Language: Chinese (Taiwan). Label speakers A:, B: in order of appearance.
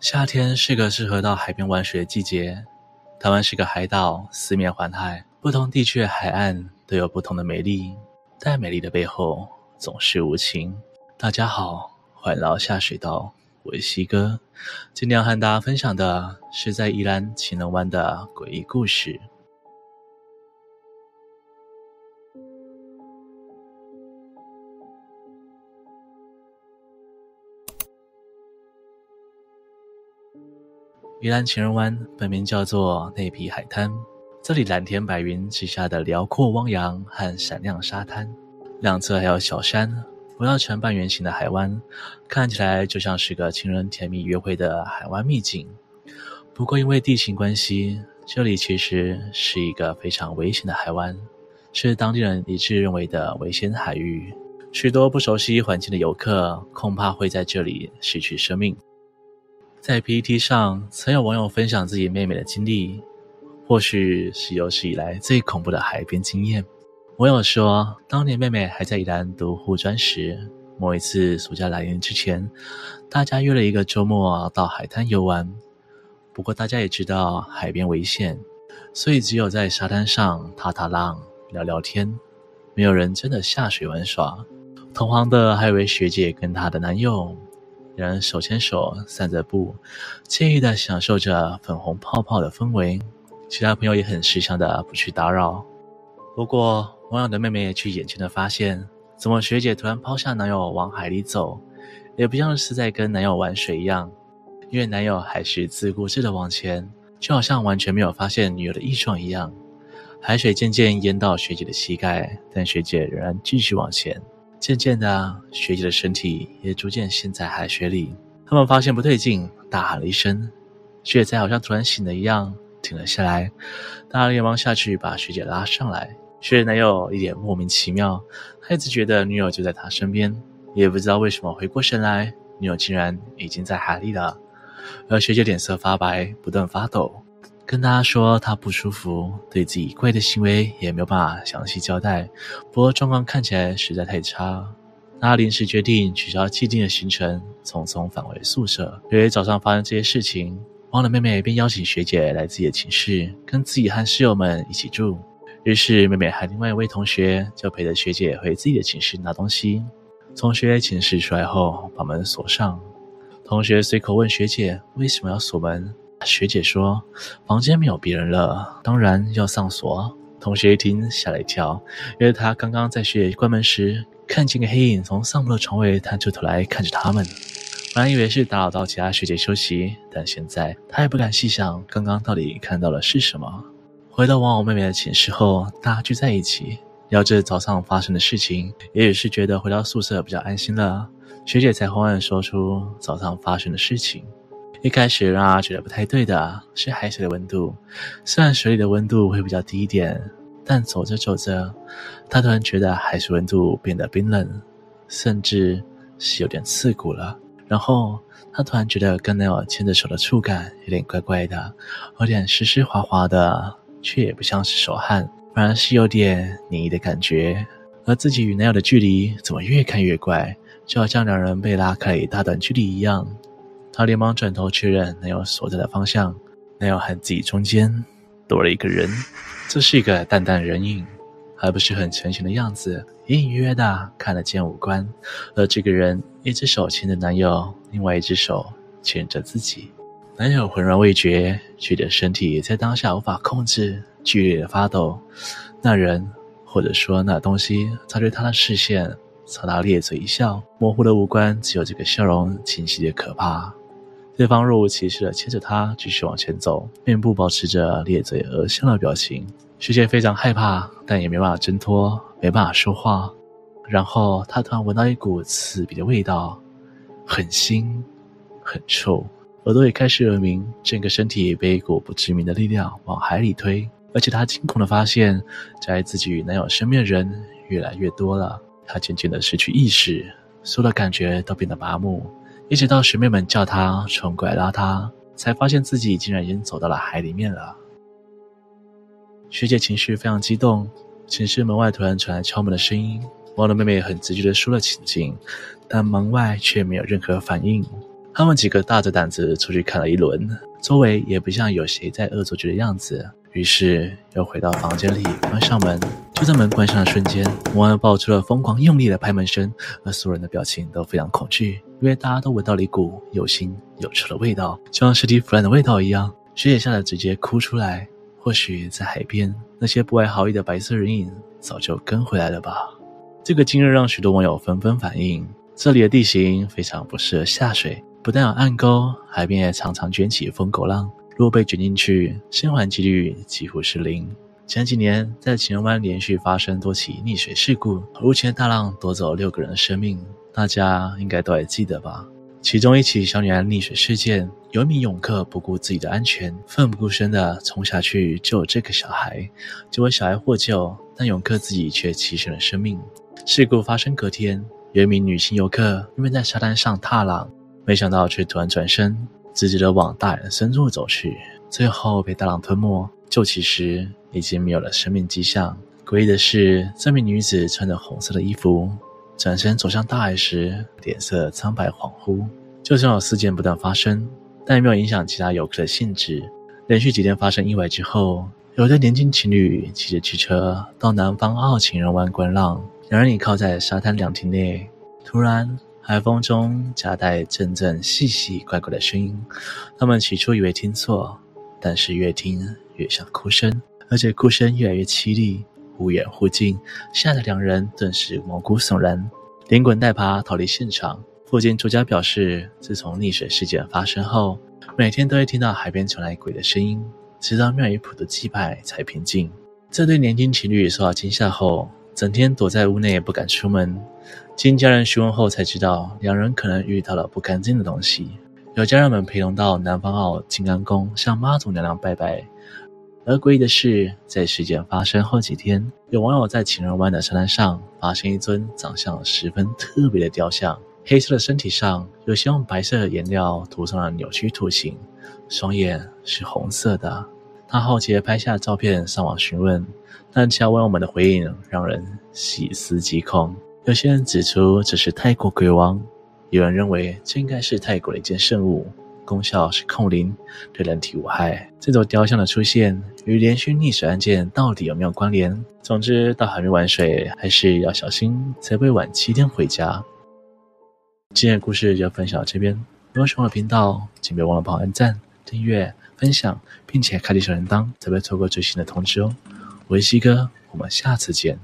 A: 夏天是個適合到海邊玩水的季節。台灣是個海島，四面環海，不同地區的海岸都有不同的美麗。但美麗的背後，總是無情。大家好，歡迎來到下水道，我是西哥，今天要和大家分享的是在宜蘭情人灣的詭異故事。宜蘭情人灣本名叫做內埤海灘，這裡藍天白雲之下的遼闊汪洋和閃亮沙灘，兩側還有小山，圍成半圓形的海灣，看起來就像是個情人甜蜜約會的海灣秘境。不過因為地形關係，這裡其實是一個非常危險的海灣，是當地人一致認為的危險海域，許多不熟悉環境的游客恐怕會在這裡失去生命。在 PTT 上，曾有網友分享自己妹妹的經歷，或許是有史以來最恐怖的海邊經驗。網友說，當年妹妹還在宜蘭讀護專時，某一次暑假來臨之前，大家約了一個週末到海灘遊玩。不過大家也知道海邊危險，所以只有在沙灘上踏踏浪、聊聊天，沒有人真的下水玩耍，同行的還有一位學姐跟她的男友。人手牽手散着步，愜意的享受着粉紅泡泡的氛圍。其他朋友也很識相的不去打擾。不過，網友的妹妹也去眼前的發現，怎麼學姐突然拋下男友往海裡走，也不像是在跟男友玩水一樣，因為男友還是自顧自的往前，就好像完全沒有發現女友的異狀一樣。海水漸漸淹到學姐的膝蓋，但學姐仍然繼續往前。漸漸的，學姐的身體也逐漸陷在海水裡。他們發現不對勁，大喊了一聲，學姐才好像突然醒了一樣停了下來。大家連忙下去把學姐拉上來。學姐男友一臉莫名其妙，他一直覺得女友就在他身邊，也不知道為什麼回過神來，女友竟然已經在海裡了。而學姐臉色發白，不斷發抖。跟大家說她不舒服，對自己怪的行為也沒有辦法詳細交代，不過狀況看起來實在太差，她臨時決定取消既定的行程，匆匆返回宿舍。因為早上發生這些事情，汪的妹妹便邀請學姐來自己的寢室，跟自己和室友們一起住。於是妹妹和另外一位同學就陪着學姐回自己的寢室拿東西。從學姐寢室出來後，把門鎖上。同學隨口問學姐為什麼要鎖門？學姐說：“房間沒有別人了，當然要上鎖。”同學一聽嚇了一跳，因為他剛剛在學姐關門時看見個黑影從上鋪的床位探出頭來看着他們。本來以為是打擾到其他學姐休息，但現在他也不敢細想剛剛到底看到的是什麼。回到玩偶妹妹的寢室後，大家聚在一起聊着早上發生的事情。也許是覺得回到宿舍比較安心了，學姐才緩緩說出早上發生的事情。一開始讓他覺得不太對的是海水的溫度，雖然水裡的溫度會比較低一點，但走着走着，他突然覺得海水溫度變得冰冷，甚至是有點刺骨了。然後他突然覺得跟男友牽着手的觸感有點怪怪的，有點濕濕滑滑的，卻也不像是手汗，反而是有點黏膩的感覺。而自己與男友的距離怎麼越看越怪，就好像兩人被拉開一大段距離一樣。他連忙轉頭確認男友所在的方向，男友和自己中間多了一個人，這、就是一個淡淡人影，還不是很成型的樣子，隱，隱約的看得見五官。而這個人一隻手牽着男友，另外一隻手牽着自己。男友渾然未覺，覺得身體也在當下無法控制，劇烈的發抖。那人或者說那東西，朝著他的視線朝他咧嘴一笑，模糊的五官只有這個笑容清晰的可怕。對方若無其事的牽着他繼續往前走，面部保持着咧嘴而笑的表情。徐杰非常害怕，但也沒辦法掙脫，沒辦法說話。然後他突然聞到一股刺鼻的味道，很腥，很臭，耳朵也開始耳鳴，整個身體被一股不知名的力量往海裡推。而且他驚恐的發現，在自己與男友身邊的人越來越多了。他漸漸的失去意識，所有的感覺都變得麻木。一直到學妹們叫她，衝過來拉她，才發現自己竟然已經走到了海裡面了。學姐情緒非常激動，寢室門外突然傳來敲門的聲音。王的妹妹很直接的說了請進，但門外卻沒有任何反應。他們幾個大着膽子出去看了一輪，周圍也不像有誰在惡作劇的樣子，於是又回到房間裡關上門。就在門關上的瞬間，王又爆出了瘋狂用力的拍門聲，而所有人的表情都非常恐懼。因為大家都聞到了一股有腥有臭的味道，就像屍體腐爛的味道一樣。學姐嚇得直接哭出來。或許在海邊，那些不懷好意的白色人影早就跟回來了吧？這個今日讓許多網友紛紛反映，這裡的地形非常不適合下水，不但有暗溝，海邊也常常捲起瘋狗浪。如果被捲進去，生還幾率幾乎是零。前幾年在情人灣連續發生多起溺水事故，而目前的大浪奪走了六個人的生命。大家應該都還記得吧？其中一起小女孩溺水事件，有一名泳客不顧自己的安全，奮不顧身地衝下去救這個小孩。結果小孩獲救，但泳客自己卻犧牲了生命。事故發生隔天，有一名女性遊客因為在沙灘上踏浪，沒想到卻突然轉身，直直地往大人深處走去，最後被大浪吞沒。救起時已經沒有了生命跡象。詭異的是，這名女子穿着紅色的衣服。轉身走向大海時，臉色蒼白恍惚。就算有事件不斷發生，但也沒有影響其他遊客的興致。連續幾天發生意外之後，有一對年輕情侶騎着汽車到南方澳情人灣觀浪，兩人倚靠在沙灘涼亭內。突然，海風中夾帶陣陣細細怪怪的聲音。他們起初以為聽錯，但是越聽越像哭聲，而且哭聲越來越淒厲。忽遠忽近，嚇得兩人頓時毛骨悚然，連滾帶爬逃離現場。附近住家表示，自從溺水事件發生後，每天都會聽到海邊傳來鬼的聲音，直到廟宇普的祭拜才平靜。這對年輕情侶受到驚嚇後，整天躲在屋內也不敢出門。經家人詢問後才知道，兩人可能遇到了不乾淨的東西。有家人們陪同到南方澳金剛宮向媽祖娘娘拜拜。而詭異的是，在事件發生後幾天，有網友在情人灣的沙灘上發現一尊長相十分特別的雕像，黑色的身體上有些用白色的顏料塗上了扭曲圖形，雙眼是紅色的。他好奇的拍下的照片上網詢問，但其他網友們的回應讓人細思極恐。有些人指出這是泰國鬼王，有人認為這應該是泰國的一件聖物。功效是控磷，對人體無害。這座雕像的出現與連續溺水案件到底有沒有關聯？總之，到海邊玩水還是要小心，才會晚七天回家。今天的故事就分享到這邊，如果喜歡我的頻道，請別忘了幫我按讚、訂閱、分享，並且開啟小鈴鐺，才不會錯過最新的通知哦。我是西哥，我們下次見。